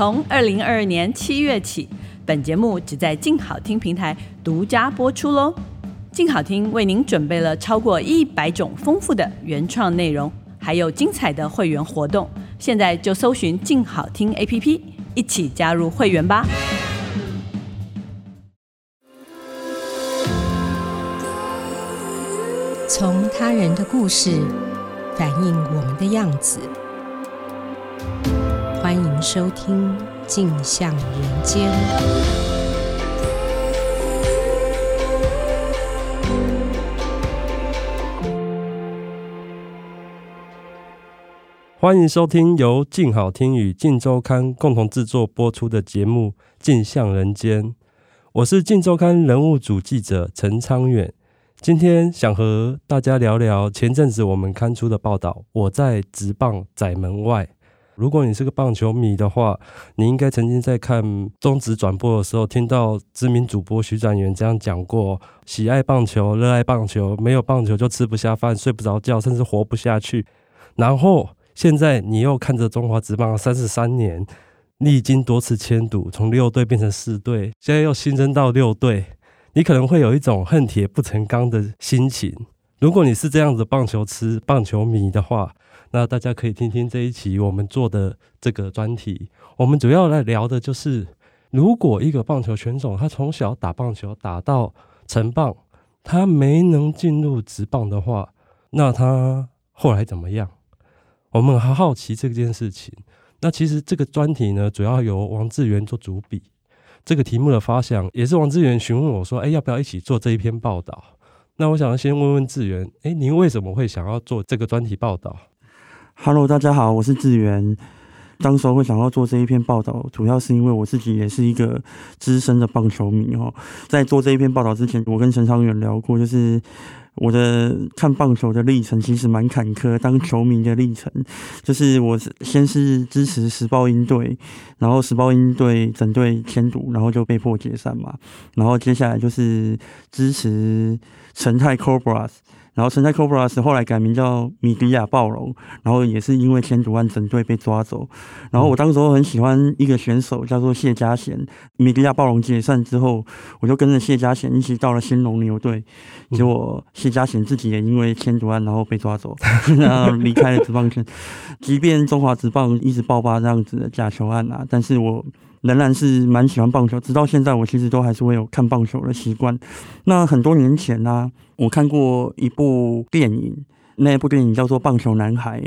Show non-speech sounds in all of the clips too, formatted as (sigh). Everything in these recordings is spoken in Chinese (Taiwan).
從二零二二年七月起，本節目只在靜好聽平台獨家播出嘍。靜好聽為您準備了超過一百種豐富的原創內容，還有精彩的會員活動。現在就搜尋靜好聽 APP，一起加入會員吧。從他人的故事，反映我們的樣子。歡迎收聽《鏡像人間》。歡迎收聽由鏡好聽與鏡週刊共同製作播出的節目《鏡像人間》，我是鏡週刊人物組記者陳昌遠。今天想和大家聊聊前陣子我們刊出的報道，我在職棒窄門外。如果你是個棒球迷的話，你應該曾經在看中職轉播的時候，聽到知名主播徐展元這樣講過：喜愛棒球，熱愛棒球，沒有棒球就吃不下飯、睡不着覺，甚至活不下去。然後現在你又看着中華職棒三十三年，歷經多次簽賭，從六隊變成四隊，現在又新增到六隊，你可能會有一種恨鐵不成鋼的心情。如果你是這樣子的棒球癡棒球迷的話。那大家可以聽聽這一期我們做的這個專題，我們主要來聊的就是，如果一個棒球選手，他從小打棒球打到成棒，他沒能進入職棒的話，那他後來怎麼樣？我們很好奇這件事情。那其實這個專題呢，主要由王志源做主筆，這個題目的發想也是王志源詢問我說：“哎，要不要一起做這一篇報道？”那我想要先問問志源：“哎，您為什麼會想要做這個專題報道？”哈嘍，大家好，我是志源。當時會想要做這一篇報道，主要是因為我自己也是一個資深的棒球迷哈。在做這一篇報道之前，我跟陳昌遠聊過，就是我的看棒球的歷程其實蠻坎坷。當球迷的歷程，就是我是先是支持時報鷹隊，然後時報鷹隊整隊簽賭，然後就被迫解散嘛。然後接下來就是支持誠泰 Cobras。然後，誠泰 Cobras 後來改名叫米迪亞暴龍，然後也是因為簽賭案整隊被抓走。然後，我當時很喜歡一個選手，叫做謝佳賢。米迪亞暴龍解散之後，我就跟着謝佳賢一起到了興農牛隊。結果，謝佳賢自己也因為簽賭案然後被抓走，然後離開了職棒圈。即便中華職棒一直爆發這樣子的假球案啊，但是我。仍然是蠻喜歡棒球，直到現在我其實都還是會有看棒球的習慣。那很多年前呢、啊，我看過一部電影。那一部電影叫做《棒球男孩》，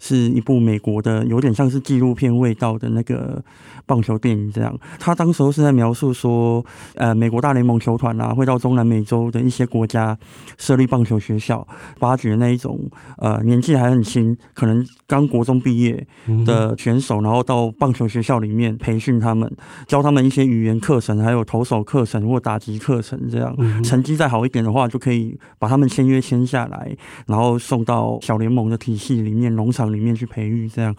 是一部美國的，有點像是紀錄片味道的那個棒球電影。這樣，他當時候是在描述說，呃，美國大聯盟球團啊，會到中南美洲的一些國家設立棒球學校，發掘那一種呃年紀還很輕，可能剛國中畢業的選手，嗯，然後到棒球學校裡面培訓他們，教他們一些語言課程，還有投手課程或打擊課程這樣。成績再好一點的話，就可以把他們簽約簽下來，然後送。到小聯盟的體系裡面，農場裡面去培育這樣，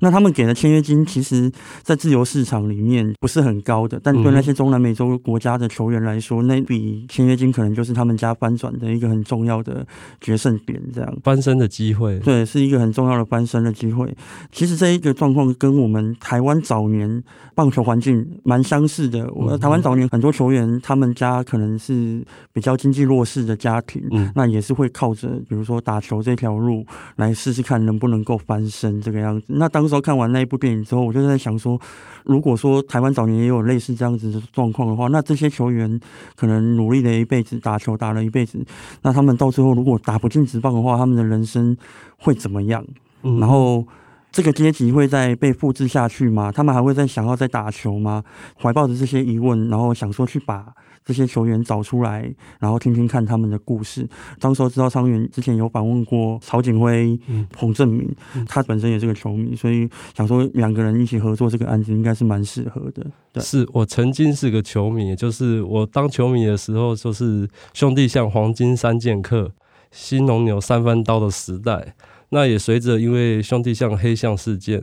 那他們給的簽約金，其實，在自由市場裡面不是很高的，但對那些中南美洲國家的球員來說，嗯、那筆簽約金可能就是他們家翻轉的一個很重要的決勝點，這樣，翻身的機會，對，是一個很重要的翻身的機會。其實這一個狀況跟我們台灣早年棒球環境蠻相似的。我、嗯嗯、台灣早年很多球員，他們家可能是比較經濟弱勢的家庭、嗯，那也是會靠着，比如說打球。這條路來試試看能不能夠翻身這個樣子。那當時候看完那一部電影之後，我就在想說，如果說台灣早年也有類似這樣子的狀況的話，那這些球員可能努力了一輩子，打球打了一輩子，那他們到最後如果打不進職棒的話，他們的人生會怎麼樣？嗯、然後這個階級會再被複製下去嗎？他們還會再想要再打球嗎？懷抱着這些疑問，然後想說去把。這些球員找出來，然後聽聽看他們的故事。當時候知道張遠之前有訪問過曹錦輝、嗯、彭政閔、嗯，他本身也是個球迷，所以想說，兩個人一起合作這個案子應該是蠻適合的。是我曾經是個球迷，就是我當球迷的時候，就是兄弟象黃金三劍客、興農牛三番刀的時代。那也隨着因為兄弟象黑象事件，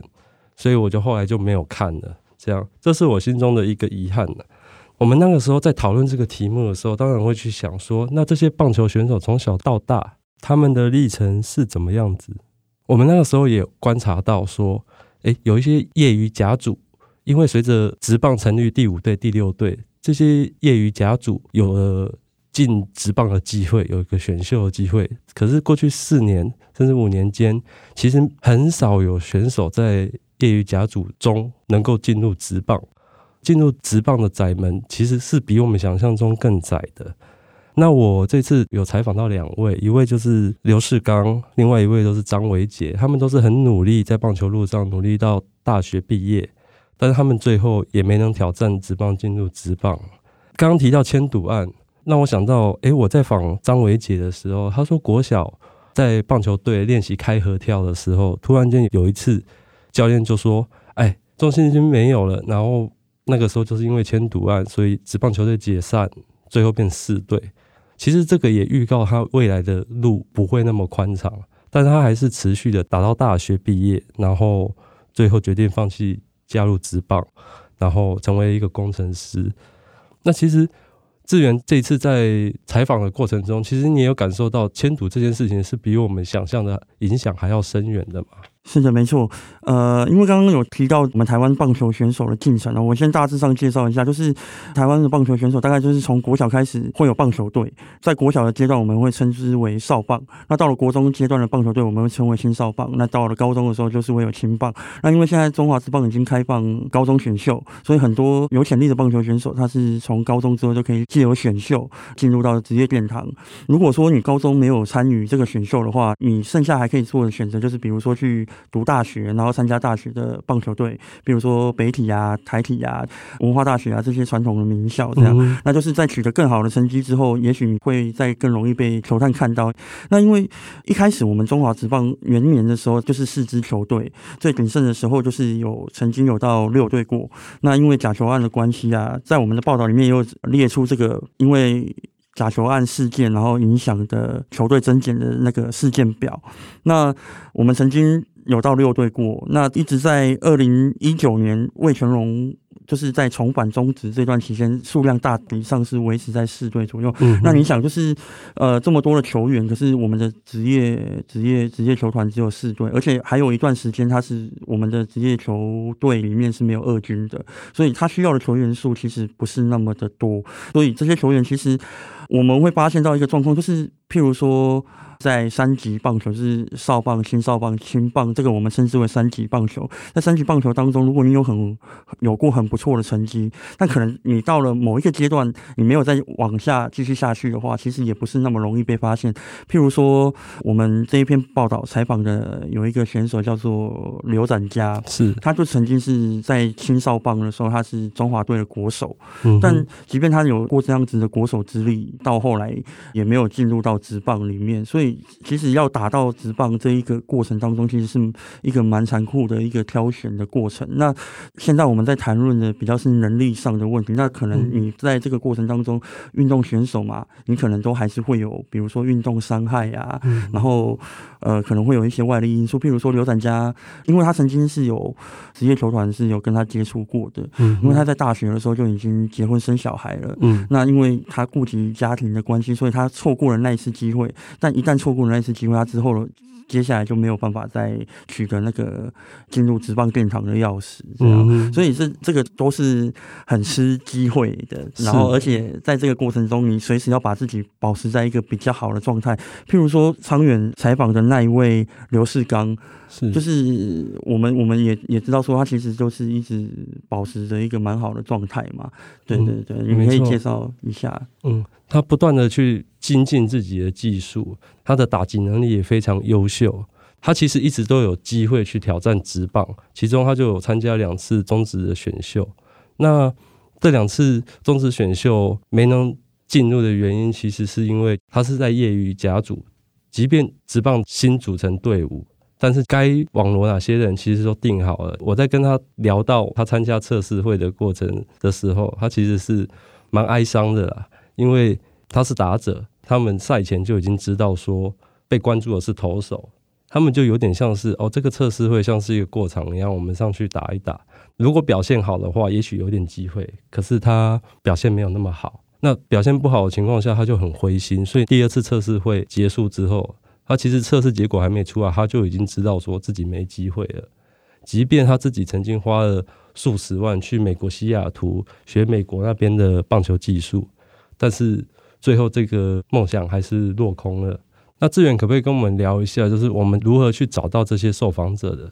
所以我就後來就沒有看了。這樣，這是我心中的一個遺憾了。我們那個時候在討論這個題目的時候，當然會去想說，那這些棒球選手從小到大，他們的歷程是怎麼樣子？我們那個時候也觀察到說，哎，有一些業餘甲組，因為隨着職棒成立第五隊、第六隊，這些業餘甲組有了進職棒的機會，有一個選秀的機會。可是過去四年，甚至五年間，其實很少有選手在業餘甲組中能夠進入職棒。進入職棒的窄門其實是比我們想象中更窄的。那我這次有採訪到兩位，一位就是劉世剛，另外一位都是張維杰，他們都是很努力在棒球路上努力到大學畢業，但是他們最後也沒能挑戰職棒、進入職棒。剛剛提到簽賭案，讓我想到，哎、欸，我在訪張維杰的時候，他說國小在棒球隊練習開合跳的時候，突然間有一次教練就說：“哎、欸，重心已經沒有了。”然後那個時候就是因為簽賭案，所以職棒球隊解散，最後變四隊。其實這個也預告他未來的路不會那麼寬敞，但他還是持續的打到大學畢業，然後最後決定放棄加入職棒，然後成為一個工程師。那其實志源這一次在採訪的過程中，其實你也有感受到簽賭這件事情是比我們想象的影響還要深遠的嘛？是的，沒錯。呃，因為剛剛有提到我們台灣棒球選手的進程了、喔，我先大致上介紹一下，就是台灣的棒球選手大概就是從國小開始會有棒球隊，在國小的階段我們會稱之為少棒，那到了國中階段的棒球隊我們會稱為青少棒，那到了高中的時候就是會有青棒。那因為現在中華職棒已經開放高中選秀，所以很多有潛力的棒球選手他是從高中之後就可以藉由選秀進入到職業殿堂。如果說你高中沒有參與這個選秀的話，你剩下還可以做的選擇就是比如說去。讀大學，然後參加大學的棒球隊，比如說北體啊、台體啊、文化大學啊這些傳統的名校，這樣，嗯，那就是在取得更好的成績之後，也許你會再更容易被球探看到。那因為一開始我們中華職棒元年的時候就是四支球隊，最鼎盛的時候就是有曾經有到六隊過。那因為假球案的關係啊，在我們的報道裡面也有列出這個因為假球案事件然後影響的球隊增減的那個事件表。那我們曾經。有到六隊過，那一直在二零一九年味全龍，就是在重返中職這段期間，數量大體上是維持在四隊左右。 (laughs) 那你想，就是呃這麼多的球員，可是我們的職業職業職業球團只有四隊，而且還有一段時間他是我們的職業球隊裡面是沒有二軍的，所以他需要的球員數其實不是那麼的多。所以這些球員其實我們會發現到一個狀況，就是譬如說。在三級棒球，就是少棒、青少棒、青棒，這個我們稱之為三級棒球。在三級棒球當中，如果你有很有過很不錯的成績，但可能你到了某一個階段，你沒有再往下繼續下去的話，其實也不是那麼容易被發現。譬如說，我們這一篇報道採訪的有一個選手叫做劉展佳，是他就曾經是在青少棒的時候，他是中華隊的國手。嗯，但即便他有過這樣子的國手之力，到後來也沒有進入到職棒裡面，所以。其實要打到職棒，這一個過程當中，其實是一個蠻殘酷的一個挑選的過程。那現在我們在談論的比較是能力上的問題。那可能你在這個過程當中，運、嗯、動選手嘛，你可能都還是會有，比如說運動傷害呀、啊嗯，然後呃可能會有一些外力因素。譬如說劉展家，因為他曾經是有職業球團是有跟他接觸過的、嗯，因為他在大學的時候就已經結婚生小孩了。嗯，那因為他顧及家庭的關係，所以他錯過了那一次機會。但一旦錯過那一次機會，他之後了，接下來就沒有辦法再取得那個進入職棒殿堂的鑰匙，這樣、嗯，所以這這個都是很失機會的。然後，而且在這個過程中，你隨時要把自己保持在一個比較好的狀態。譬如說，長遠採訪的那一位劉世剛，就是我們我們也也知道說，他其實就是一直保持着一個蠻好的狀態嘛。對對對，嗯、你們可以介紹一下，嗯。他不斷地去精進自己的技術，他的打擊能力也非常優秀。他其實一直都有機會去挑戰職棒，其中他就有參加兩次中職的選秀。那這兩次中職選秀沒能進入的原因，其實是因為他是在業餘甲組，即便職棒新組成隊伍，但是該網羅哪些人其實都定好了。我在跟他聊到他參加測試會的過程的時候，他其實是蠻哀傷的啦。因為他是打者，他們賽前就已經知道說被關注的是投手，他們就有點像是哦，這個測試會像是一個過場一樣，我們上去打一打。如果表現好的話，也許有點機會。可是他表現沒有那麼好，那表現不好的情況下，他就很灰心。所以第二次測試會結束之後，他其實測試結果還沒出來，他就已經知道說自己沒機會了。即便他自己曾經花了數十萬去美國西雅圖學美國那邊的棒球技術。但是最後這個夢想還是落空了。那志遠可不可以跟我們聊一下，就是我們如何去找到這些受訪者的？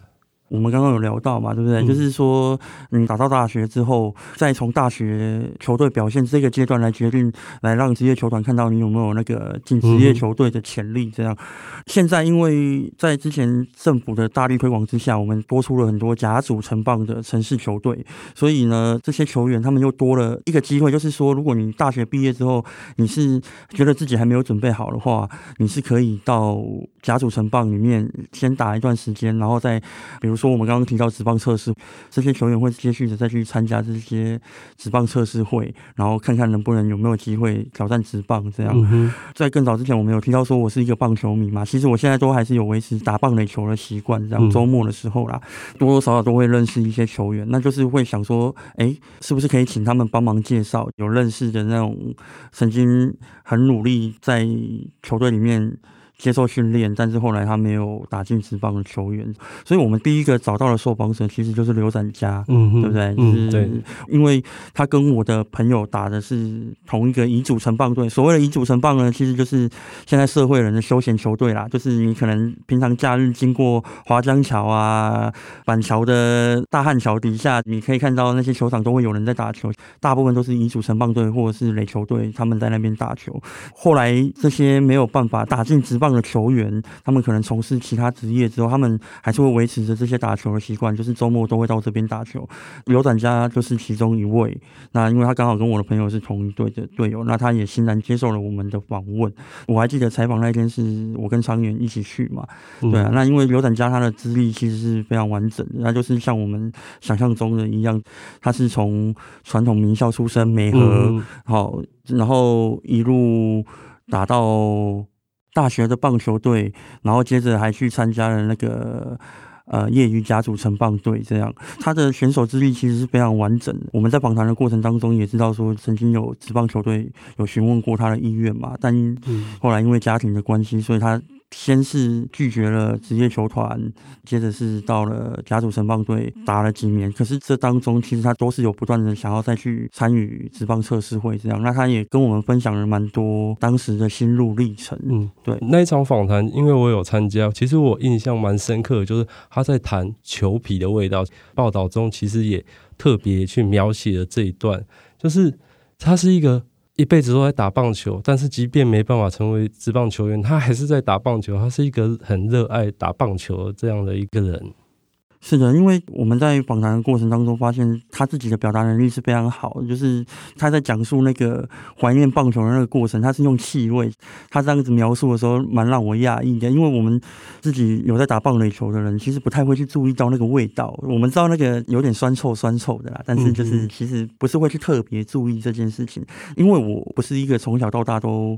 我們剛剛有聊到嘛，對不對、嗯？就是說，嗯，打到大學之後，再從大學球隊表現這個階段來決定，來讓職業球團看到你有沒有那個進職業球隊的潛力。這樣、嗯，現在因為在之前政府的大力推廣之下，我們多出了很多甲組成棒的城市球隊，所以呢，這些球員他們又多了一個機會，就是說，如果你大學畢業之後你是覺得自己還沒有準備好的話，你是可以到甲組成棒裡面先打一段時間，然後再比如。說我們剛剛提到職棒測試，這些球員會繼續的再去參加這些職棒測試會，然後看看能不能有沒有機會挑戰職棒。這樣、嗯，在更早之前，我們有提到說我是一個棒球迷嘛，其實我現在都還是有維持打棒壘球的習慣。這樣週末的時候啦、嗯，多多少少都會認識一些球員，那就是會想說，哎、欸，是不是可以請他們幫忙介紹有認識的那種曾經很努力在球隊裡面。接受訓練，但是後來他沒有打進職棒的球員，所以我們第一個找到的受訪者其實就是劉展佳。嗯，對不對？嗯，對、就是，因為他跟我的朋友打的是同一個乙組成棒隊。所謂的乙組成棒呢，其實就是現在社會人的休閒球隊啦，就是你可能平常假日經過華江橋啊、板橋的大漢橋底下，你可以看到那些球場都會有人在打球，大部分都是乙組成棒隊或者是壘球隊他們在那邊打球。後來這些沒有辦法打進職棒。球員，他們可能從事其他職業之後，他們還是會維持着這些打球的習慣，就是周末都會到這邊打球。劉展家就是其中一位。那因為他剛好跟我的朋友是同一隊的隊友，那他也欣然接受了我們的訪問。我還記得採訪那天，是我跟常元一起去嘛？對啊。那因為劉展家他的資歷其實是非常完整，那就是像我們想象中的一樣，他是從傳統名校出身，美和、嗯、好，然後一路打到。大學的棒球隊，然後接着還去參加了那個呃業餘甲組成棒隊，這樣他的選手資歷其實是非常完整的。我們在訪談的過程當中也知道說，曾經有職棒球隊有詢問過他的意願嘛，但後來因為家庭的關係，所以他。先是拒絕了職業球團，接着是到了甲組成棒隊打了幾年，可是這當中其實他都是有不斷的想要再去參與職棒測試會這樣。那他也跟我們分享了蠻多當時的心路歷程。嗯，對，那一場訪談，因為我有參加，其實我印象蠻深刻，就是他在談球皮的味道。報道中其實也特別去描寫了這一段，就是他是一個。一輩子都在打棒球，但是即便沒辦法成為職棒球員，他還是在打棒球，他是一個很熱愛打棒球這樣的一個人。是的，因為我們在訪談的過程當中發現，他自己的表達能力是非常好。就是他在講述那個懷念棒球的那個過程，他是用氣味，他這樣子描述的時候，蠻讓我訝異的。因為我們自己有在打棒壘球的人，其實不太會去注意到那個味道。我們知道那個有點酸臭酸臭的啦，但是就是其實不是會去特別注意這件事情。因為我不是一個從小到大都。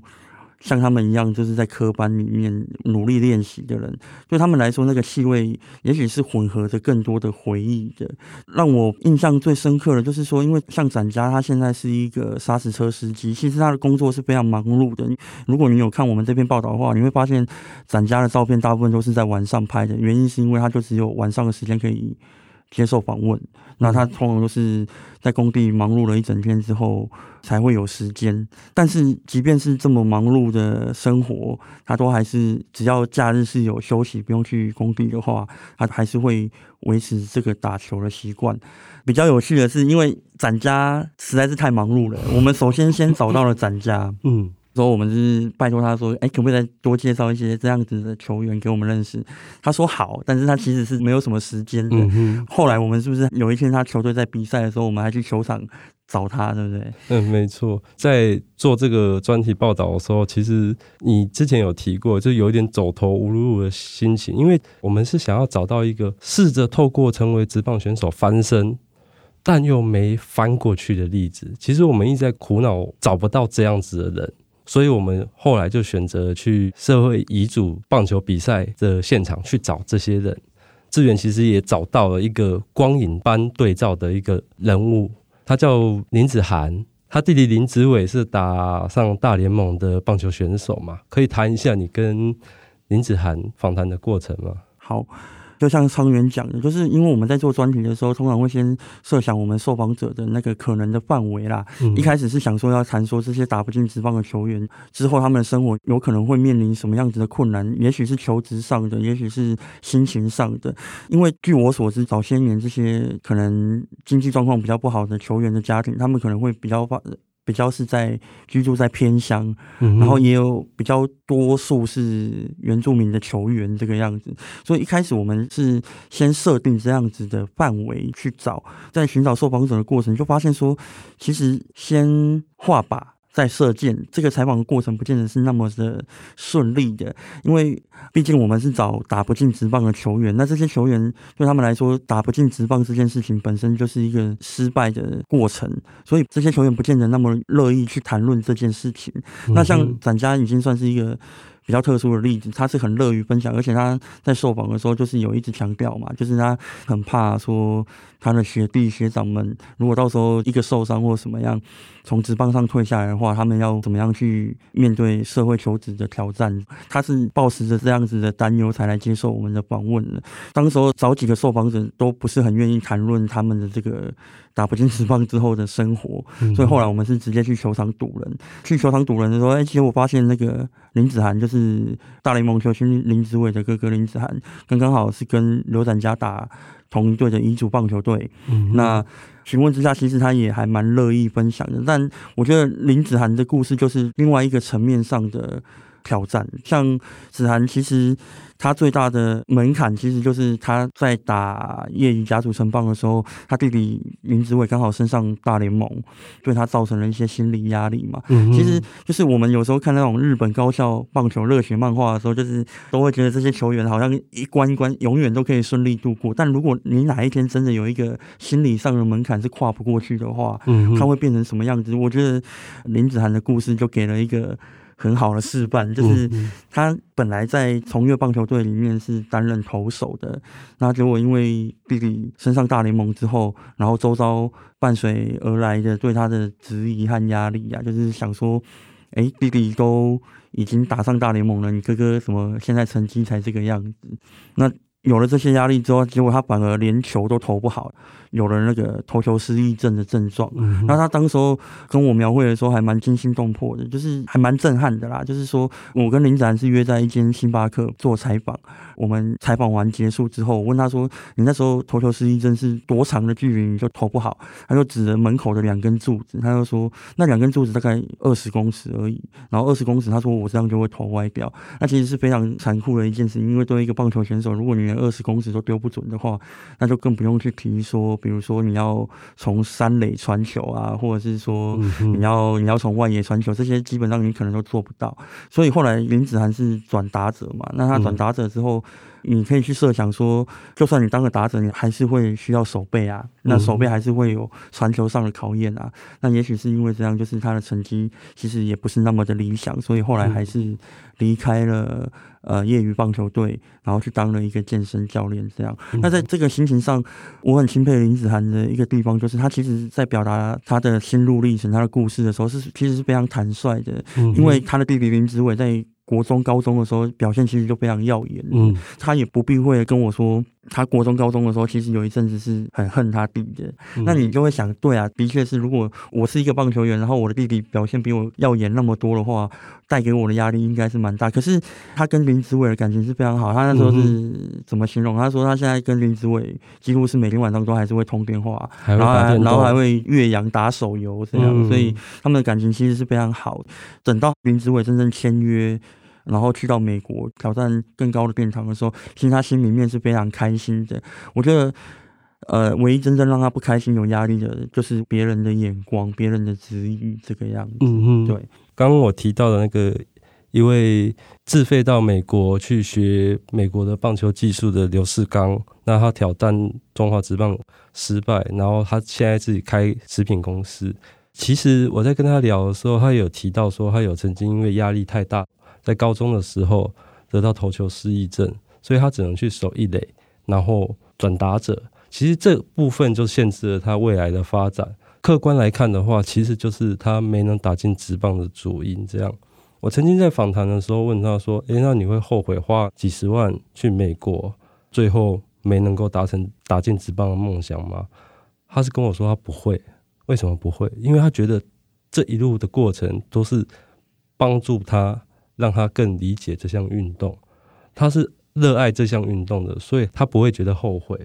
像他們一樣，就是在科班裡面努力練習的人，對他們來說，那個氣味也許是混合着更多的回憶的。讓我印象最深刻的，就是說，因為像展家，他現在是一個砂石車司機，其實他的工作是非常忙碌的。如果你有看我們這篇報道的話，你會發現展家的照片大部分都是在晚上拍的，原因是因為他就只有晚上的時間可以，接受訪問，那他通常都是在工地忙碌了一整天之後才會有時間。但是，即便是這麼忙碌的生活，他都還是只要假日是有休息，不用去工地的話，他還是會維持這個打球的習慣。比較有趣的是，因為展家實在是太忙碌了，我們首先先找到了展家。 (laughs) 嗯。所以，我們就是拜托他說，哎、欸，可不可以再多介紹一些這樣子的球員給我們認識？他說好，但是他其實是沒有什麼時間的、嗯。後來我們是不是有一天他球隊在比賽的時候，我們還去球場找他，對不對？嗯，沒錯。在做這個專題報道的時候，其實你之前有提過，就有一點走投無路的心情，因為我們是想要找到一個試着透過成為職棒選手翻身，但又沒翻過去的例子。其實我們一直在苦惱找不到這樣子的人。所以我們後來就選擇去社會乙組棒球比賽的現場去找這些人。志遠其實也找到了一個光影般對照的一個人物，他叫林子涵，他弟弟林子偉是打上大聯盟的棒球選手嘛？可以談一下你跟林子涵訪談的過程嗎？好。就像昌圓講的，就是因為我們在做專題的時候，通常會先設想我們受訪者的那個可能的範圍啦。嗯、一開始是想說要談說這些打不進職棒的球員之後，他們的生活有可能會面臨什麼樣子的困難，也許是求職上的，也許是心情上的。因為據我所知，早些年這些可能經濟狀況比較不好的球員的家庭，他們可能會比較發。比較是在居住在偏鄉，然後也有比較多數是原住民的球員這個樣子，所以一開始我們是先設定這樣子的範圍去找，在尋找受訪者的過程就發現說，其實先畫靶。在射箭這個採訪的過程，不見得是那麼的順利的，因為畢竟我們是找打不進職棒的球員，那這些球員對他們來說，打不進職棒這件事情本身就是一個失敗的過程，所以這些球員不見得那麼樂意去談論這件事情，嗯。那像展家已經算是一個。比較特殊的例子，他是很樂於分享，而且他在受訪的時候就是有一直強調嘛，就是他很怕說他的學弟學長們如果到時候一個受傷或什麼樣從職棒上退下來的話，他們要怎麼樣去面對社會求職的挑戰？他是抱持着這樣子的擔憂才來接受我們的訪問的。當時候找幾個受訪者都不是很願意談論他們的這個打不進職棒之後的生活。嗯，所以後來我們是直接去球場堵人，去球場堵人的時候，哎、欸，結果我發現那個林子涵就是。是大聯盟球星林子偉的哥哥林子涵，剛剛好是跟劉展家打同一隊的乙組棒球隊，嗯。那詢問之下，其實他也還蠻樂意分享的。但我覺得林子涵的故事，就是另外一個層面上的。挑戰，像子涵，其實他最大的門檻其實就是他在打業餘甲組成棒的時候，他弟弟林子偉剛好升上大聯盟，對他造成了一些心理壓力嘛。嗯，其實就是我們有時候看那種日本高校棒球熱血漫畫的時候，就是都會覺得這些球員好像一關一關永遠都可以順利度過。但如果你哪一天真的有一個心理上的門檻是跨不過去的話，嗯，他會變成什麼樣子？我覺得林子涵的故事就給了一個。很好的示範，就是他本來在崇越棒球隊裡面是擔任投手的，那結果因為弟弟升上大聯盟之後，然後周遭伴隨而來的對他的質疑和壓力呀、啊，就是想說，哎、欸，弟弟都已經打上大聯盟了，你哥哥怎麼現在成績才這個樣子？那。有了這些壓力之後，結果他反而連球都投不好，有了那個投球失憶症的症狀、嗯。那他當時候跟我描繪的時候還蠻驚心動魄的，就是還蠻震撼的啦。就是說我跟林展是約在一間星巴克做採訪，我們採訪完結束之後，我問他說：“你那時候投球失憶症是多長的距離你就投不好？”他就指着門口的兩根柱子，他就說：“那兩根柱子大概二十公尺而已。”然後二十公尺，他說：“我這樣就會投歪掉。”那其實是非常殘酷的一件事，因為對一個棒球選手，如果你二十公尺都丟不準的話，那就更不用去提說，比如說你要從三壘傳球啊，或者是說你要你要從外野傳球，這些基本上你可能都做不到。所以後來林子涵是轉達者嘛，那他轉達者之後。嗯你可以去設想說，就算你當個打者，你還是會需要守備啊，那守備還是會有傳球上的考驗啊、嗯。那、嗯、也許是因為這樣，就是他的成績其實也不是那麼的理想，所以後來還是離開了呃業餘棒球隊，然後去當了一個健身教練。這樣、嗯，嗯、那在這個心情上，我很欽佩林子涵的一個地方，就是他其實，在表達他的心路歷程、他的故事的時候，是其實是非常坦率的，因為他的弟弟林子偉在。國中、高中的時候，表現其實就非常耀眼。嗯，他也不避諱跟我說。他國中高中的時候，其實有一陣子是很恨他弟弟、嗯。那你就會想，對啊，的確是，如果我是一個棒球員，然後我的弟弟表現比我耀眼那麼多的話，帶給我的壓力應該是蠻大。可是他跟林子偉的感情是非常好。他那時候是、嗯、怎麼形容？他說他現在跟林子偉幾乎是每天晚上都還是會通電話，然後還，然後還會越洋打手遊這樣、嗯，所以他們的感情其實是非常好。等到林子偉真正簽約。然後去到美國挑戰更高的殿堂的時候，其實他心裡面是非常開心的。我覺得，呃，唯一真正讓他不開心、有壓力的，就是別人的眼光、別人的質疑。這個樣子。嗯，對。剛剛我提到的那個一位自費到美國去學美國的棒球技術的劉世剛，那他挑戰中華職棒失敗，然後他現在自己開食品公司。其實我在跟他聊的時候，他有提到說，他有曾經因為壓力太大。在高中的時候得到投球失憶症，所以他只能去守一壘，然後轉打者。其實這部分就限制了他未來的發展。客觀來看的話，其實就是他沒能打進職棒的主因。這樣，我曾經在訪談的時候問他說：“哎、欸，那你會後悔花幾十萬去美國，最後沒能夠達成打進職棒的夢想嗎？”他是跟我說他不會。為什麼不會？因為他覺得這一路的過程都是幫助他。讓他更理解這項運動，他是熱愛這項運動的，所以他不會覺得後悔。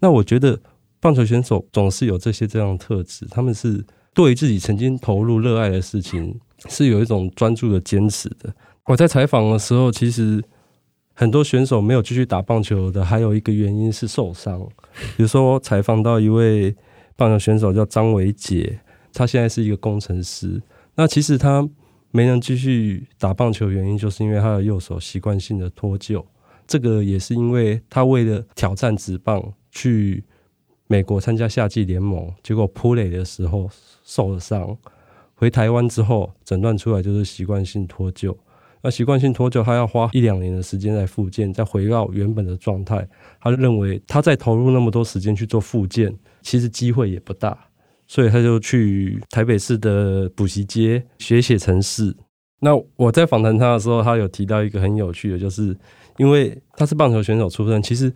那我覺得，棒球選手總是有這些這樣的特質，他們是對於自己曾經投入熱愛的事情是有一種專注的堅持的。我在採訪的時候，其實很多選手沒有繼續打棒球的，還有一個原因是受傷。比如說，採訪到一位棒球選手叫張偉杰，他現在是一個工程師。那其實他。沒能繼續打棒球，原因就是因為他的右手習慣性的脫臼。這個也是因為他為了挑戰職棒去美國參加夏季聯盟，結果撲壘的時候受了傷。回台灣之後診斷出來就是習慣性脫臼。那習慣性脫臼，他要花一兩年的時間來復健，再回到原本的狀態。他認為他再投入那麼多時間去做復健，其實機會也不大。所以他就去台北市的補習街學寫程式。那我在訪談他的時候，他有提到一個很有趣的，就是因為他是棒球選手出身，其實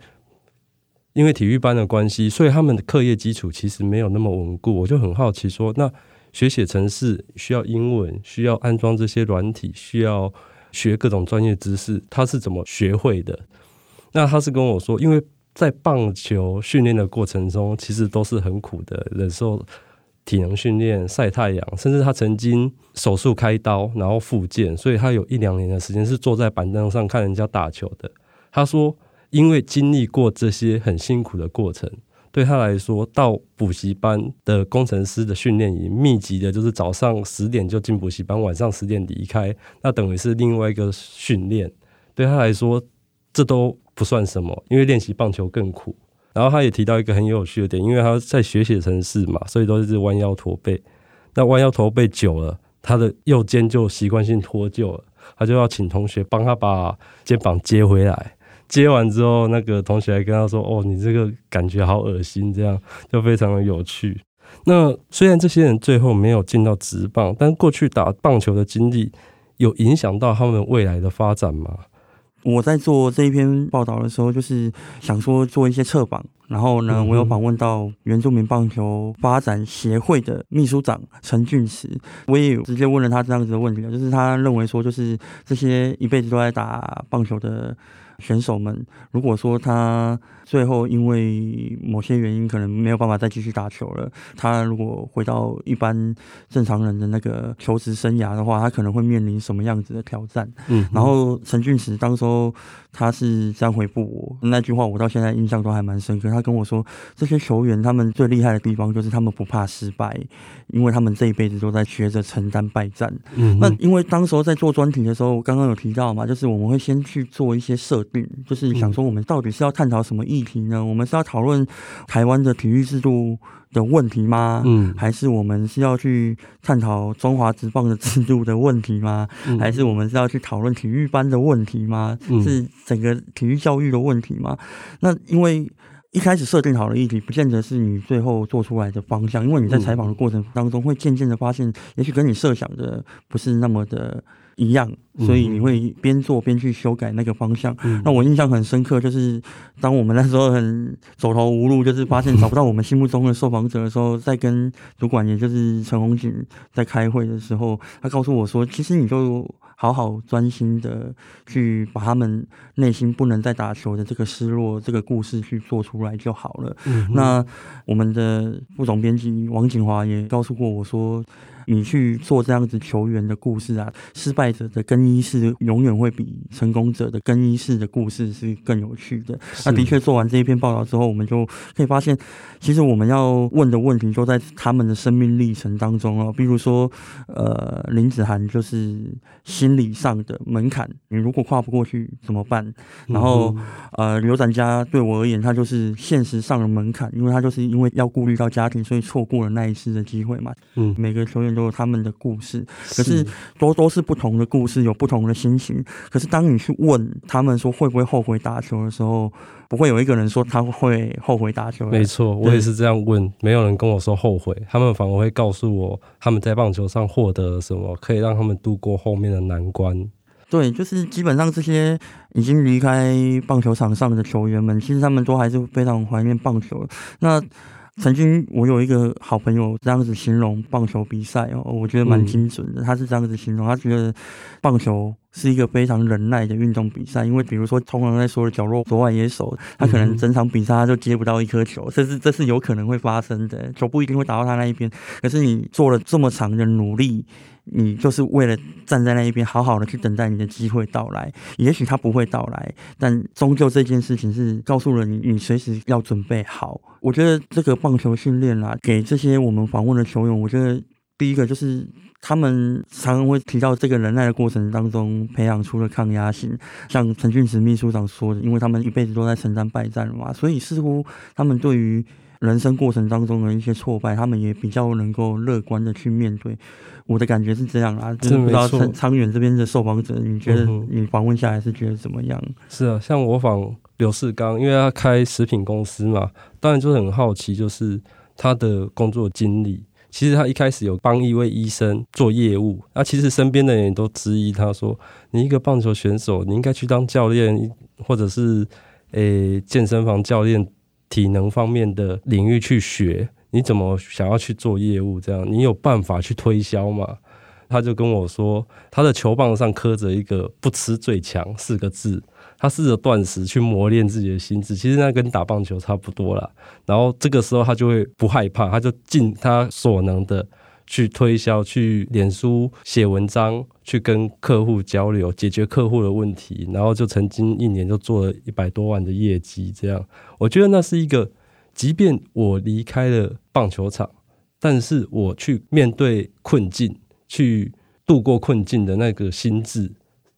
因為體育班的關係，所以他們的課業基礎其實沒有那麼穩固。我就很好奇說，那學寫程式需要英文，需要安裝這些軟體，需要學各種專業知識，他是怎麼學會的？那他是跟我說，因為在棒球訓練的過程中，其實都是很苦的，忍受。體能訓練、曬太陽，甚至他曾經手術開刀，然後復健，所以他有一兩年的時間是坐在板凳上看人家打球的。他說，因為經歷過這些很辛苦的過程，對他來說，到補習班的工程師的訓練營，密集的就是早上十點就進補習班，晚上十點離開，那等於是另外一個訓練。對他來說，這都不算什麼，因為練習棒球更苦。然後他也提到一個很有趣的點，因為他在學寫程式嘛，所以都是一直彎腰駝背。那彎腰駝背久了，他的右肩就習慣性脫臼了，他就要請同學幫他把肩膀接回來。接完之後，那個同學還跟他說：“哦，你這個感覺好惡心。”這樣就非常的有趣。那雖然這些人最後沒有進到職棒，但過去打棒球的經歷有影響到他們未來的發展嗎？我在做這一篇報道的時候，就是想說做一些採訪，然後呢，我有訪問到原住民棒球發展協會的秘書長陳俊池，我也有直接問了他這樣子的問題，就是他認為說，就是這些一輩子都在打棒球的選手們，如果說他。最後，因為某些原因，可能沒有辦法再繼續打球了。他如果回到一般正常人的那個求職生涯的話，他可能會面臨什麼樣子的挑戰？嗯。然後陳俊石當時候他是這樣回復我那句話，我到現在印象都還蠻深刻。他跟我說，這些球員他們最厲害的地方就是他們不怕失敗，因為他們這一輩子都在學着承擔敗戰。嗯。那因為當時候在做專題的時候，我剛剛有提到嘛，就是我們會先去做一些設定，就是想說我們到底是要探討什麼意議題呢？我們是要討論台灣的體育制度的問題嗎？嗯，還是我們是要去探討中華職棒的制度的問題嗎？嗯，還是我們是要去討論體育班的問題嗎？嗯，是整個體育教育的問題嗎？那因為一開始設定好的議題，不見得是你最後做出來的方向，因為你在採訪的過程當中，會漸漸的發現，也許跟你設想的不是那麼的一樣，所以你會邊做邊去修改那個方向、嗯。那我印象很深刻，就是當我們那時候很走投無路，就是發現找不到我們心目中的受訪者的時候，在跟主管，也就是陳紅錦在開會的時候，他告訴我說：“其實你就好好專心的去把他們內心不能再打球的這個失落這個故事去做出來就好了、嗯。”那我們的副總編輯王景華也告訴過我說。你去做這樣子球員的故事啊，失敗者的更衣室永遠會比成功者的更衣室的故事是更有趣的。那的確做完這一篇報道之後，我們就可以發現，其實我們要問的問題就在他們的生命歷程當中哦、啊。比如說，呃，林子涵就是心理上的門檻，你如果跨不過去怎麼辦？然後，嗯、呃，劉展家對我而言，他就是現實上的門檻，因為他就是因為要顧慮到家庭，所以錯過了那一次的機會嘛。嗯，每個球員。就是他們的故事，可是都都是不同的故事，有不同的心情。可是當你去問他們說，會不會後悔打球的時候，不會有一個人說他會後悔打球。沒錯，我也是這樣問，沒有人跟我說後悔，他們反而會告訴我他們在棒球上獲得了什麼，可以讓他們度過後面的難關。對，就是基本上這些已經離開棒球場上的球員們，其實他們都還是非常懷念棒球。那。曾經我有一個好朋友這樣子形容棒球比賽，哦，我覺得蠻精準的，嗯。他是這樣子形容，他覺得棒球是一個非常忍耐的運動比賽，因為比如說通常在說的角落左外野手，他可能整場比賽他就接不到一顆球，這是這是有可能會發生的，球不一定會打到他那一邊。可是你做了這麼長的努力。你就是為了站在那一邊，好好的去等待你的機會到來。也許它不會到來，但終究這件事情是告訴了你，你隨時要準備好。我覺得這個棒球訓練啦、啊，給這些我們訪問的球員，我覺得第一個就是他們常常會提到，這個忍耐的過程當中培養出了抗壓性。像陳俊慈秘書長說的，因為他們一輩子都在承擔敗戰嘛，所以似乎他們對於。人生過程當中的一些挫敗，他們也比較能夠樂觀的去面對。我的感覺是這樣啊，是是不知道長昌遠這邊的受訪者，你覺得、嗯、你訪問下來是覺得怎麼樣？是啊，像我訪劉世剛，因為他開食品公司嘛，當然就很好奇，就是他的工作的經歷。其實他一開始有幫一位醫生做業務，那、啊、其實身邊的人都質疑他說：“你一個棒球選手，你應該去當教練，或者是誒、欸、健身房教練。”體能方面的領域去學，你怎麼想要去做業務？這樣你有辦法去推銷嗎？他就跟我說，他的球棒上刻着一個“不吃最強”四個字，他試着斷食去磨練自己的心智，其實那跟打棒球差不多了。然後這個時候他就會不害怕，他就盡他所能的。去推銷，去臉書寫文章，去跟客戶交流，解決客戶的問題，然後就曾經一年就做了一百多萬的業績。這樣，我覺得那是一個，即便我離開了棒球場，但是我去面對困境、去度過困境的那個心智，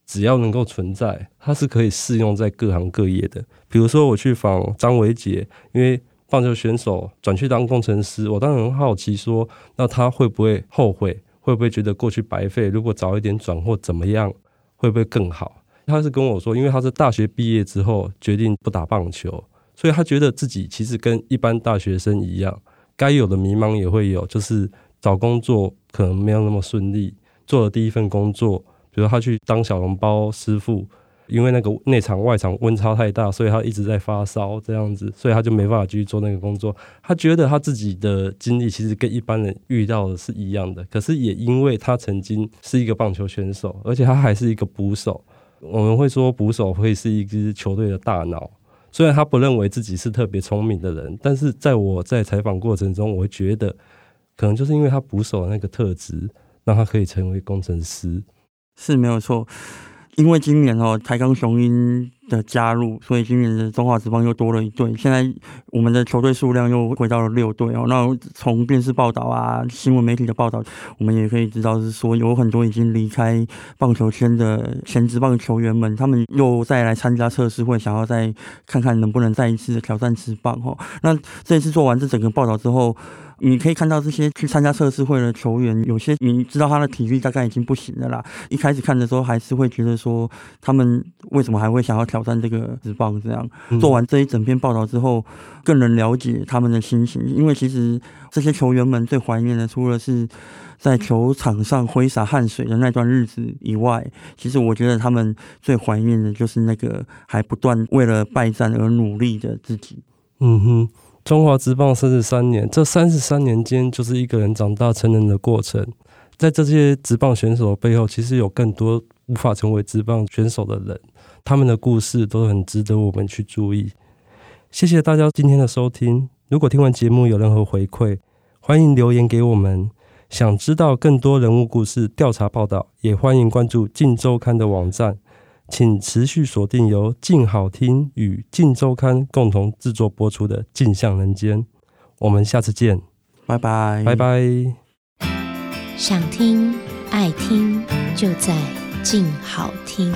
只要能夠存在，它是可以適用在各行各業的。比如說，我去訪張維杰，因為。棒球選手轉去當工程師，我當時很好奇說，說那他會不會後悔？會不會覺得過去白費？如果早一點轉或怎麼樣，會不會更好？他是跟我說，因為他是大學畢業之後決定不打棒球，所以他覺得自己其實跟一般大學生一樣，該有的迷茫也會有，就是找工作可能沒有那麼順利。做了第一份工作，比如他去當小籠包師傅。因為那個內場外場溫差太大，所以他一直在發燒，這樣子，所以他就沒辦法繼續做那個工作。他覺得他自己的經歷其實跟一般人遇到的是一樣的，可是也因為他曾經是一個棒球選手，而且他還是一個捕手。我們會說捕手會是一支球隊的大腦，雖然他不認為自己是特別聰明的人，但是在我在採訪過程中，我覺得可能就是因為他捕手的那個特質，讓他可以成為工程師。是沒有錯。因為今年哦，台鋼雄鷹，的加入，所以今年的中華職棒又多了一隊。現在我們的球隊數量又回到了六隊哦。那從電視報道啊、新聞媒體的報道，我們也可以知道是說，有很多已經離開棒球圈的前職棒球員們，他們又再來參加測試會，想要再看看能不能再一次挑戰職棒哈。那這一次做完這整個報道之後，你可以看到這些去參加測試會的球員，有些你知道他的體力大概已經不行了啦。一開始看的時候，還是會覺得說，他們為什麼還會想要挑？挑戰這個職棒，這樣做完這一整篇報道之後，更能了解他們的心情。因為其實這些球員們最懷念的，除了是在球場上揮灑汗水的那段日子以外，其實我覺得他們最懷念的就是那個還不斷為了敗戰而努力的自己。嗯哼，中華職棒三十三年，這三十三年間就是一個人長大成人的過程。在這些職棒選手的背後，其實有更多無法成為職棒選手的人。他們的故事都很值得我們去注意。謝謝大家今天的收聽。如果聽完節目有任何回饋，歡迎留言給我們。想知道更多人物故事、調查報道，也歡迎關注《鏡周刊》的網站。請持續鎖定由《鏡好聽》與《鏡周刊》共同制作播出的《鏡相人間》。我們下次見，拜拜，拜拜。想聽愛聽，就在《鏡好聽》。